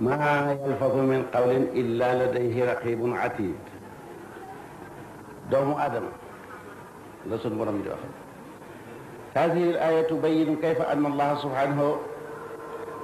ما يلفظ من قول إلا لديه رقيب عتيد دوم آدم لسن مرمي هذه الآية تبين كيف أن الله سبحانه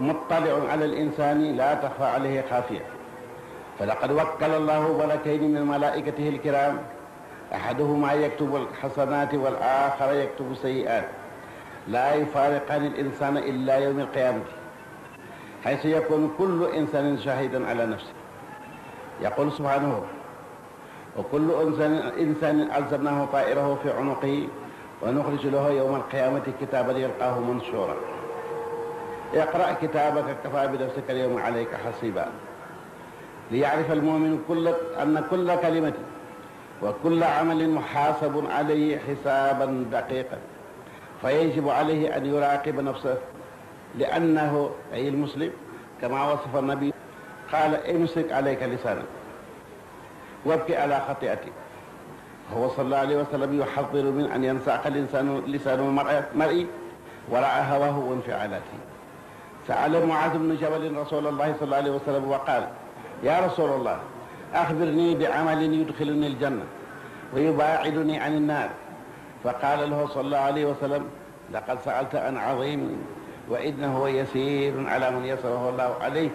مطلع على الإنسان لا تخفى عليه خافية فلقد وكل الله ملكين من ملائكته الكرام أحدهما يكتب الحسنات والآخر يكتب السيئات لا يفارقان الإنسان إلا يوم القيامة حيث يكون كل إنسان شهيدا على نفسه يقول سبحانه وكل إنسان, إنسان ألزمناه طائره في عنقه ونخرج له يوم القيامة كتابا يلقاه منشورا اقرأ كتابك كفى بنفسك اليوم عليك حسيبا ليعرف المؤمن كل أن كل كلمة وكل عمل محاسب عليه حسابا دقيقا فيجب عليه أن يراقب نفسه لأنه أي المسلم كما وصف النبي قال امسك إيه عليك لسانك وابكي على خطيئتك هو صلى الله عليه وسلم يحذر من أن ينساق الإنسان لسان المرء وراء هواه وانفعالاته سأل معاذ بن جبل رسول الله صلى الله عليه وسلم وقال يا رسول الله أخبرني بعمل يدخلني الجنة ويباعدني عن النار فقال له صلى الله عليه وسلم لقد سألت عن عظيم وإنه يسير على من يسره الله عليه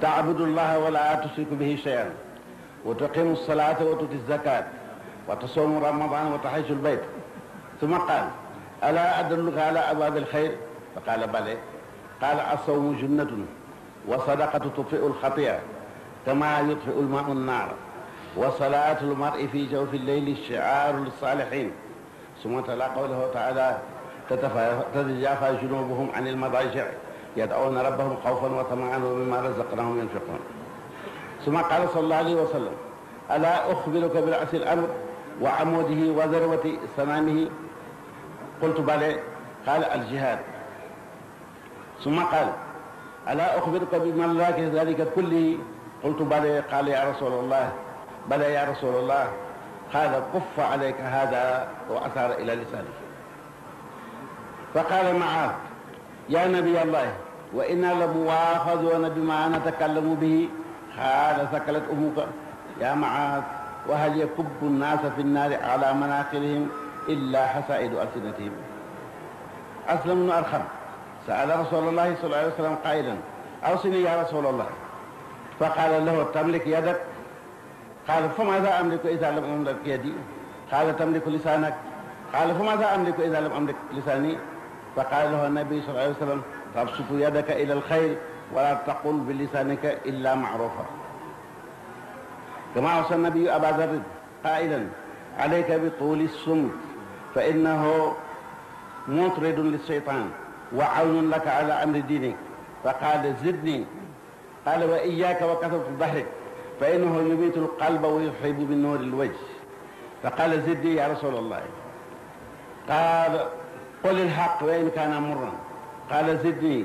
تعبد الله ولا تشرك به شيئا وتقيم الصلاة وتؤتي الزكاة وتصوم رمضان وتحج البيت ثم قال ألا أدلك على أبواب الخير فقال بلى قال الصوم جنة وصدقة تطفئ الخطيئة كما يطفئ الماء النار وصلاة المرء في جوف الليل شعار للصالحين ثم تلا قوله تعالى تتجافى جنوبهم عن المضاجع يدعون ربهم خوفا وطمعا ومما رزقناهم ينفقون ثم قال صلى الله عليه وسلم ألا أخبرك برأس الأمر وعموده وذروة سنامه قلت بلى قال الجهاد ثم قال ألا أخبرك بملاك ذلك كله قلت بلى قال يا رسول الله بلى يا رسول الله قال كف عليك هذا وأثار إلى لسانك فقال معاذ يا نبي الله وإنا لمواخذون بما نتكلم به قال ثكلت أمك يا معاذ وهل يكب الناس في النار على مناخرهم إلا حسائد ألسنتهم أسلم بن أرخم سأل رسول الله صلى الله عليه وسلم قائلا أوصني يا رسول الله فقال له تملك يدك قال فماذا أملك إذا لم أملك يدي قال تملك لسانك قال فماذا أملك إذا لم أملك لساني فقال له النبي صلى الله عليه وسلم تبسط يدك إلى الخير ولا تقل بلسانك إلا معروفا كما وصى النبي أبا ذر قائلا عليك بطول السمت فإنه مطرد للشيطان وعون لك على أمر دينك فقال زدني قال وإياك وكثرة البحر فإنه يميت القلب ويحب من نور الوجه فقال زدني يا رسول الله قال قل الحق وإن كان مرا قال زدني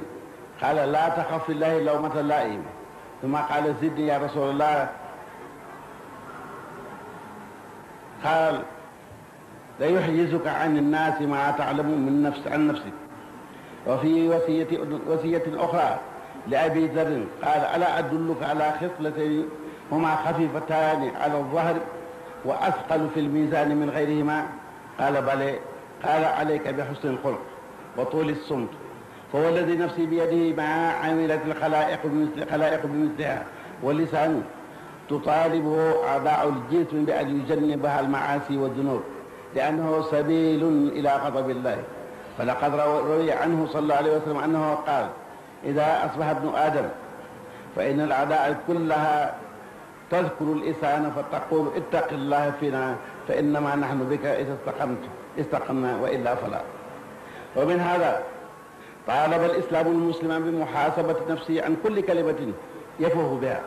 قال لا تخف في الله لومة اللائم ثم قال زدني يا رسول الله قال لا يحجزك عن الناس ما تعلم من نفس عن نفسك وفي وصية وصية أخرى لأبي ذر قال ألا أدلك على خصلتين هما خفيفتان على الظهر وأثقل في الميزان من غيرهما قال بلى قال عليك بحسن الخلق وطول الصمت فهو الذي نفسي بيده مع عملت الخلائق بمثل خلائق بمثلها واللسان تطالبه أعضاء الجسم بأن يجنبها المعاصي والذنوب لأنه سبيل إلى غضب الله فلقد روي عنه صلى الله عليه وسلم أنه قال إذا أصبح ابن آدم فإن الأعداء كلها تذكر الاسان فتقول اتق الله فينا فإنما نحن بك إذا استقمت استقمنا وإلا فلا ومن هذا طالب الإسلام المسلم بمحاسبة نفسه عن كل كلمة يفوه بها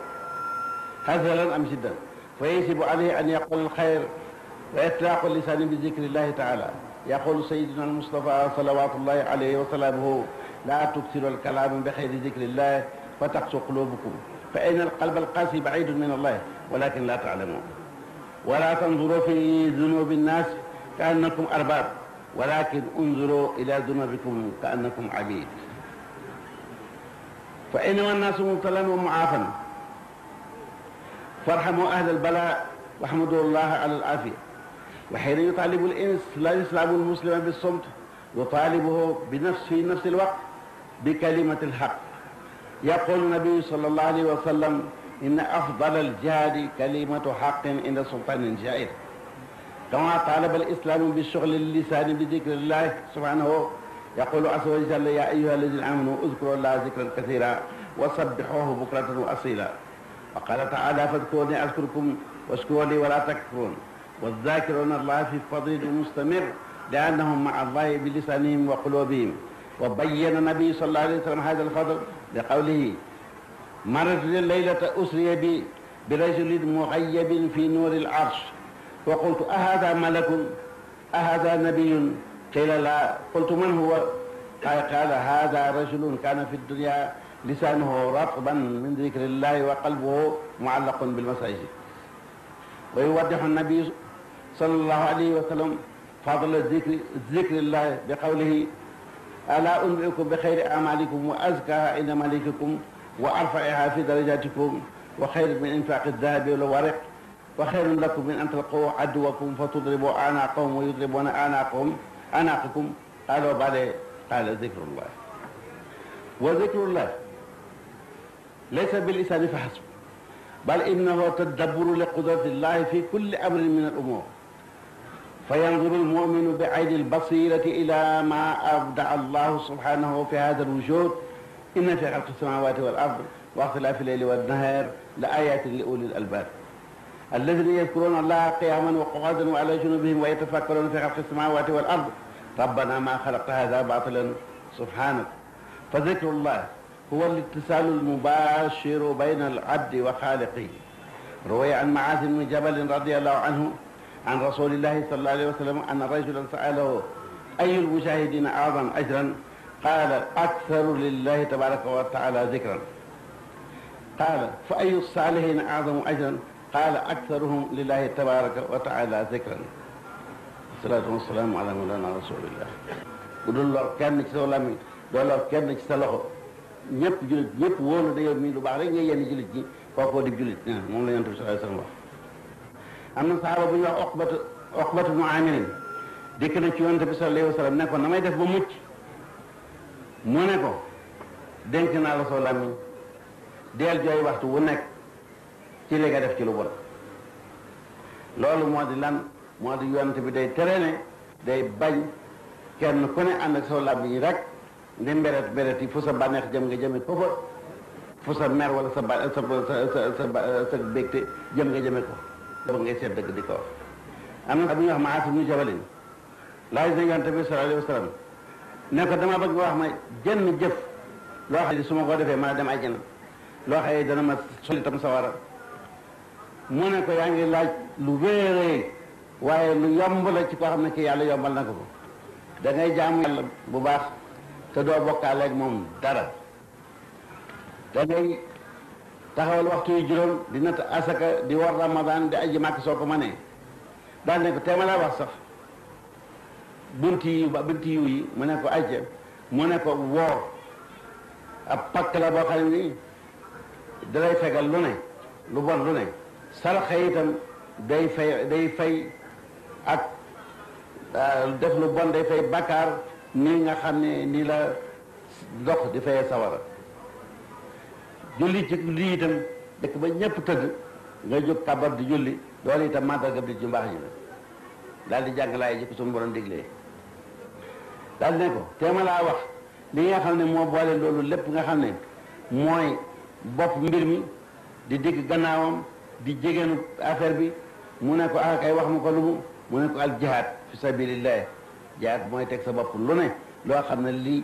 هزلا أم جدا فيجب عليه أن يقول الخير وإطلاق اللسان بذكر الله تعالى يقول سيدنا المصطفى صلوات الله عليه وسلامه لا تكثروا الكلام بخير ذكر الله فتقسو قلوبكم فإن القلب القاسي بعيد من الله ولكن لا تعلمون ولا تنظروا في ذنوب الناس كأنكم أرباب ولكن انظروا إلى ذنوبكم كأنكم عبيد فإنما الناس مبتلا ومعافى فارحموا أهل البلاء واحمدوا الله على العافية وحين يطالب الإنس لا يسلم المسلم بالصمت يطالبه بنفس في نفس الوقت بكلمة الحق يقول النبي صلى الله عليه وسلم إن أفضل الجهاد كلمة حق إلى سلطان جائر كما طالب الإسلام بالشغل اللسان بذكر الله سبحانه يقول عز وجل يا أيها الذين آمنوا اذكروا الله ذكرا كثيرا وسبحوه بكرة وأصيلا وقال تعالى فاذكروني أذكركم واشكروا لي ولا تكفرون والذاكرون الله في فضيل مستمر لأنهم مع الله بلسانهم وقلوبهم وبين النبي صلى الله عليه وسلم هذا الفضل بقوله مرت الليلة أسري بي برجل مغيب في نور العرش وقلت أهذا ملك أهذا نبي قيل لا قلت من هو قال هذا رجل كان في الدنيا لسانه رطبا من ذكر الله وقلبه معلق بالمساجد ويوضح النبي صلى الله عليه وسلم فضل الذكر ذكر الله بقوله ألا أنبئكم بخير أعمالكم وأزكاها عند ملككم وأرفعها في درجاتكم وخير من إنفاق الذهب والورق وخير لكم من أن تلقوا عدوكم فتضربوا أعناقهم ويضربون أعناقهم أعناقكم قال بعد قال ذكر الله وذكر الله ليس باللسان فحسب بل إنه تدبر لقدرة الله في كل أمر من الأمور فينظر المؤمن بعين البصيرة إلى ما أبدع الله سبحانه في هذا الوجود إن في خلق السماوات والأرض واختلاف الليل والنهار لآيات لأولي الألباب الذين يذكرون الله قياما وقعودا وعلى جنوبهم ويتفكرون في خلق السماوات والارض ربنا ما خلقت هذا باطلا سبحانك فذكر الله هو الاتصال المباشر بين العبد وخالقه روي عن معاذ بن جبل رضي الله عنه عن رسول الله صلى الله عليه وسلم أن رجلا سأله أي المجاهدين أعظم أجرا قال أكثر لله تبارك وتعالى ذكرا قال فأي الصالحين أعظم أجرا qaala aktaruhum lillahi tabaraka wa taala zikran salaatu wasalaamu ala mawlana rasulillah bu dul lor kenn ci sa làmmiñ doo lor kenn ci sa loxo ñëpp jullit ñëpp wóolu da yow mii lu baax rek ñooy yenn jullit ñi kookoo di jullit moom la yonent bi sallallahu alayhi wasallam wax am na saaba bu ñu wax oqbatu oqbatu nu amirin dikk na ci yonent bi sallallahu alayhi wasallam ne ko na may def ba mucc mu ne ko dénk naa la soo làmmiñ deel jooy waxtu wu nekk ci li nga def ci lu bon loolu moo di lan moo di yonent bi day tere ne day bañ kenn ku ne ànd ak soo làmmiñ rek ne mberet mberet yi fu sa bànneex jëm nga jëme foofa fu sa mer wala sa ba sa sa sa sa bégte jëm nga jëme ko dafa ngay seet dëgg di ko wax am na bu ñu wax ma asib ñu jabalin laaj na yonent bi sallallahu alayhi wa sallam ne ko dama bëgg wax ma jënn jëf loo xam ne su ma ko defee mën a dem àjjana loo xam ne dana ma solitam sawara mu ne ko yaa ngi laaj lu wéeree waaye lu yomb la ci koo xam ne ki yàlla yombal na ko ko da ngay jaamu yàlla bu baax te doo bokkaale moom dara da ngay taxawal waxtu yu juróom di natt asaka di war ramadan di aji màkk soo ko mënee daal ne ko teema laa wax sax bunti yu ba bunti yu yi mu ne ko ajje mu ne ko woor ab pakk la boo xam ne dalay fegal lu ne lu bon lu ne saraxa itam day fay day fay ak ah, def lu bon day fay bakkaar ni nga xam ni nii la dox di fayee sawara julli ci lii itam dëkk ba ñëpp tëgg nga jóg tabar di julli loolu itam màndarga bi ju mbaax ji la daal di jàng laay ji ko suñu borom diglee daal ne ko téema laa wax li nga xam ne moo boole loolu lépp nga xam ne mooy bopp mbir mi di digg gannaawam di jegenu affaire bi mu ne ko ah kay wax ma ko lu mu mu ne ko al jihaad fi sabilillah jihaad mooy teg sa bopp lu ne loo xam ne lii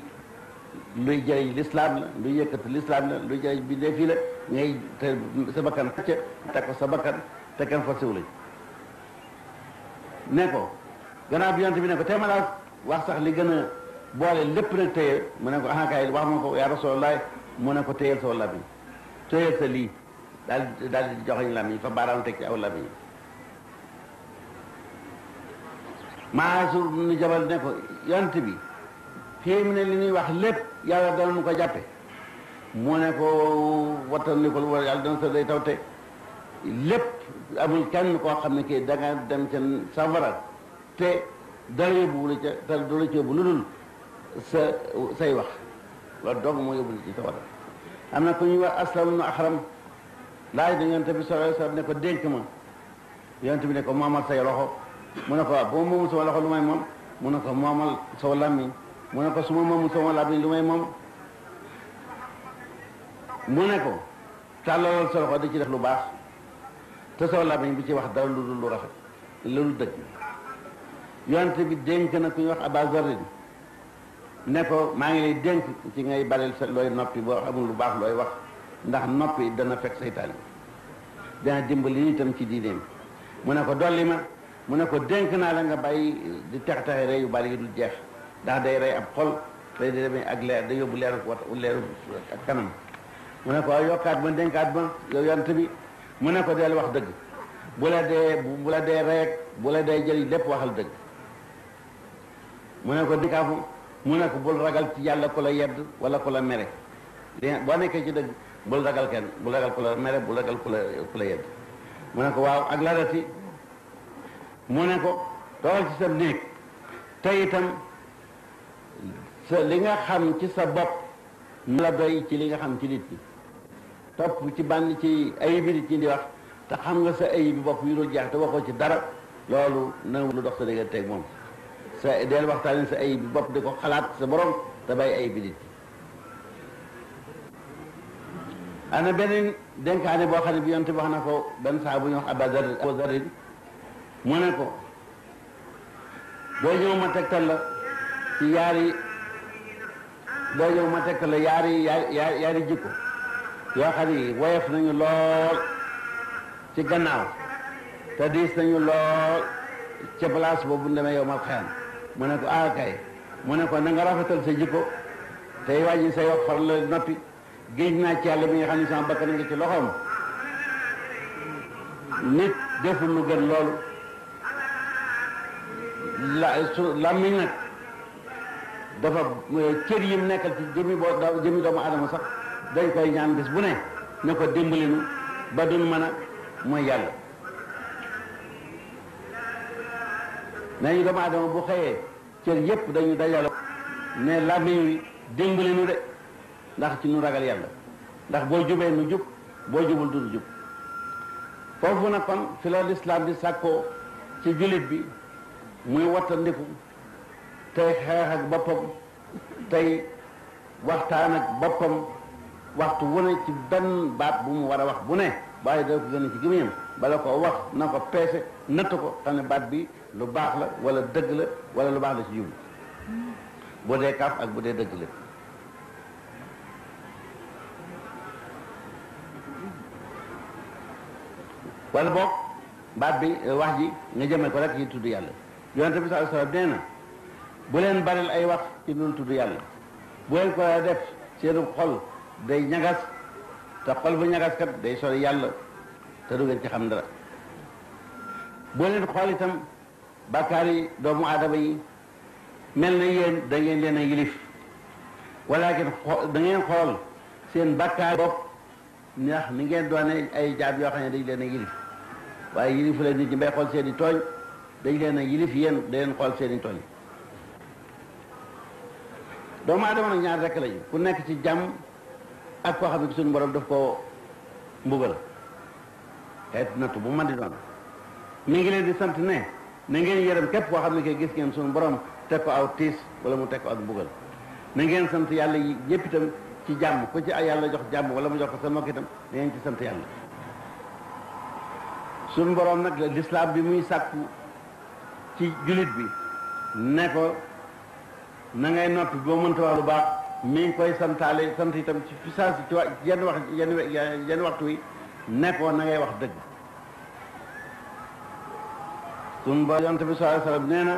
luy jëriñ lislaam la luy yëkkati lislaam la luy jëriñ bi defi la ngay te sa bakkan ca teg ko sa bakkan te kenn fa siw lañ ne ko gannaaw bi yonte bi ne ko te ma laa wax sax li gën a boole lépp nag téye mu ne ko ah kay wax ma ko yaa rasulallah mu ne ko téyel sa walla bi téyel sa lii daal daal di joxañ lamiñ fa baaraam teg ci aw lamiñ maasur ni jabal ne ko yant bi fii mu ne li ñuy wax lépp yàlla dana nu ko jàppe mu ne ko wattan ni ko lu war yàlla dana sa day tawte lépp amul kenn koo xam ne kii da nga dem ca safara te dara yóbbu la ca te du la ci yóbbu lu dul sa say wax loolu dog moo yóbbu la ci safara am na ku ñuy wax aslam nu axram laaj yi yonent bi sallallahu alayhi wasallam ne ko dénk ma yonent bi ne ko moomal say loxo mu ne ko waaw ah, boo moomul sama loxo lu may mu ne ko moomal sama làmmiñ mu ne ko su ma moomul sama làmmiñ lu may moom mu ne ko tàllalal sa loxo di ci def lu baax te sama làmmiñ bi ci wax dara lu dul lu rafet loolu dëgg yonent bi dénk na ku ñuy wax Abaa Zarrin ne ko maa ngi lay dénk ci ngay baleel sa looy noppi boo amul lu baax looy wax ndax noppi dana fekk seytaane dana dimbali itam ci diineem mu ne ko dolli ma mu ne ko dénk naa la nga bàyyi di tex texe rey yu bari yi dul jeex ndax day rey ab xol day demee ak leer day yóbbu leer wat leeru ak kanam mu ne ko yokkaat ma dénkaat ma yow yant bi mu ne ko del wax dëgg bu la dee bu la dee rey bu la dee jëriñ lépp waxal dëgg mu ne ko dikaafu mu ne ko bul ragal ci yàlla ko la yedd wala ku la mere boo nekkee ci dëgg bul ragal kenn bul ragal ku la mere bul ragal ku la ku la yedd ko waaw ak la rati moo ne ko toogal ci sa néeg te itam li nga xam ci sa bopp mu la doy ci li nga xam ci nit ñi topp ci bànn ci ayib bi nit di wax te xam nga sa ayib bi bopp yu dul jeex te waxoo ci dara loolu na lu dox sa teg moom sa del waxtaane sa ayib bi bopp di xalaat sa borom te bay ayib bi nit am na beneen dénkaane boo xam ne bi yonte bi wax na ko benn saa bu ñu wax abadarin mu ne ko doo ñëw ma tegtal la ci yaari doo ñëw ma tegtal la yaari yaari yaari jikko yoo xam ne woyof nañu lool ci gannaaw te diis nañu lool ca place boobu demee yow ma xeen mu ne ko ah kay mu ne ko na nga rafetal sa jikko tey wàññi say wax far la noppi géej naa ci yàlla bi xam ne sama bakkan ngi ci loxoom nit deful lu gën loolu la su làmmiñ nag dafa eh, cër yim mu nekkal ci jëmi boo da jëmi adama sax dañ koy ñaan bis bu ne ne ko dimbali nu ba duñ mën a mooy yàlla nañu doomu adama bu xëyee cër yépp dañu dajalo ne làmmiñ wi de ndax ci nu ragal yàlla ndax boo jubee nu jub boo jubul du jub foofu nag kon fi la lislaam di sàkkoo ci julit bi muy wattandiku tey xeex ak boppam tey waxtaan ak boppam waxtu wu ne ci benn baat bu mu war a wax bu ne waaye doo ko gën ci gémmiñam bala ko wax na ko peese natt ko xam baat bi lu baax la wala dëgg la wala lu baax la ci jublu bu dee kaaf ak bu dee dëgg la wala boog baat bi euh, wax ji nga jëmee ko rek yi tudd yàlla yonent bi sallallahu alayhi wasallam nee na bu leen baril ay wax ci lu tudd yàlla bu leen ko def seenu xol day ñagas te xol bu ñagas kat day sori yàlla te du ci xam dara bu leen xool itam bàkkaar yi doomu aadama yi mel na yéen da ngeen leen a yilif wala ngeen da ngeen xool seen bàkkaar bopp ni ngeen doone ay jaab yoo xam ne dañ leen ay yilif waaye yilifu leen nit ñi bay xool seen i tooñ dañ leen a yilif yéen da leen xool seen i tooñ doomu aadama nag ñaar rek lañu ku nekk ci jàmm ak koo xam ne suñu borom daf koo mbugal bu man di doon mi ngi leen di sant ne na ngeen yërëm képp koo xam ne koy gis ngeen suñu borom teg ko aw tiis wala mu teg ko ak mbugal na ngeen sant yàlla yi yépp itam ci jàmm ku ci yàlla jox jàmm wala mu jox ko sa mbokk itam na ngeen ci sant yàlla suñ boroom nag lislaam bi muy sàkku ci jullit bi ne ko na ngay noppi boo mënta wax lu baax mi ngi koy santaale sant itam ci fi saa si ci yenn wax yenn yenn waxtu wi ne ko na ngay wax dëgg suñ boroom yonent bi sallallahu alayhi wasallam nee na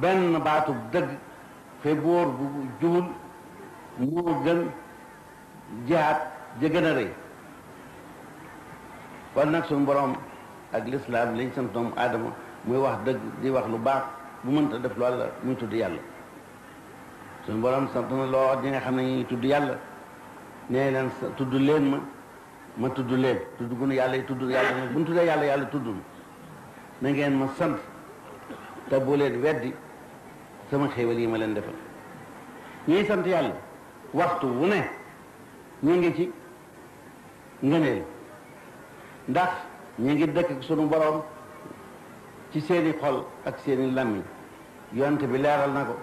benn baatub dëgg fe boor bu jubul moo gën jihaat ja gën a rëy kon nag suñu borom ak lislaam liñ sant doomu aadama muy wax dëgg di wax lu baax bu mënta def loolu la muy tudd yàlla suñu borom sant na loo ñi nga xam ne ñuy tudd yàlla nee leen tudd leen ma ma tudd leen tudd gu nu yàlla tudd yàlla bu ñu tuddee yàlla yàlla tudd ma na ngeen ma sant te bu leen weddi sama xéewal yi ma leen defal ñuy sant yàlla waxtu wu ne ñu ngi ci ngëneel ndax ñu ngi dëkk sunu boroom ci seeni xol ak seeni làmmiñ yonte bi leeral na ko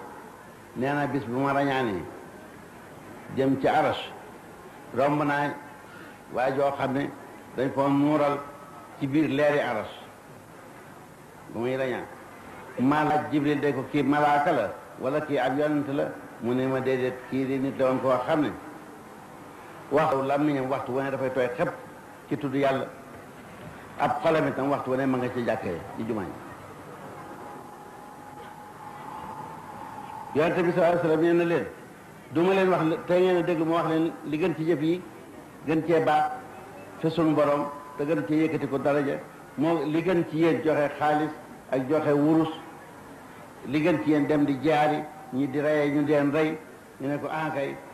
nee na bis bu ma rañaanee jëm ci arash romb naa waaye joo xam ne dañ ko muural ci biir leeri arash bu muy rañaan maa laaj jibril day ko kii malaaka la wala ki ab yonante la mu ne ma déedéet kii di nit la woon koo xam ne wax làmmiñam waxtu wane dafay tooy xepp ci tudd yàlla ab xolam itam waxtu wane ma nga ci jàkkee ci jumaa ji yonent bi sallallahu alayhi wasallam nee leen du ma leen wax te ngeen ma wax leen li gën ci jëf yi gën cee baax fi sunu borom te gën cee yëkkati ko daraja moo li gën ci yéen joxe xaalis ak joxe wurus li gën ci dem di jaari ñi di reyee ñu deen rey ñu ne ko ah kay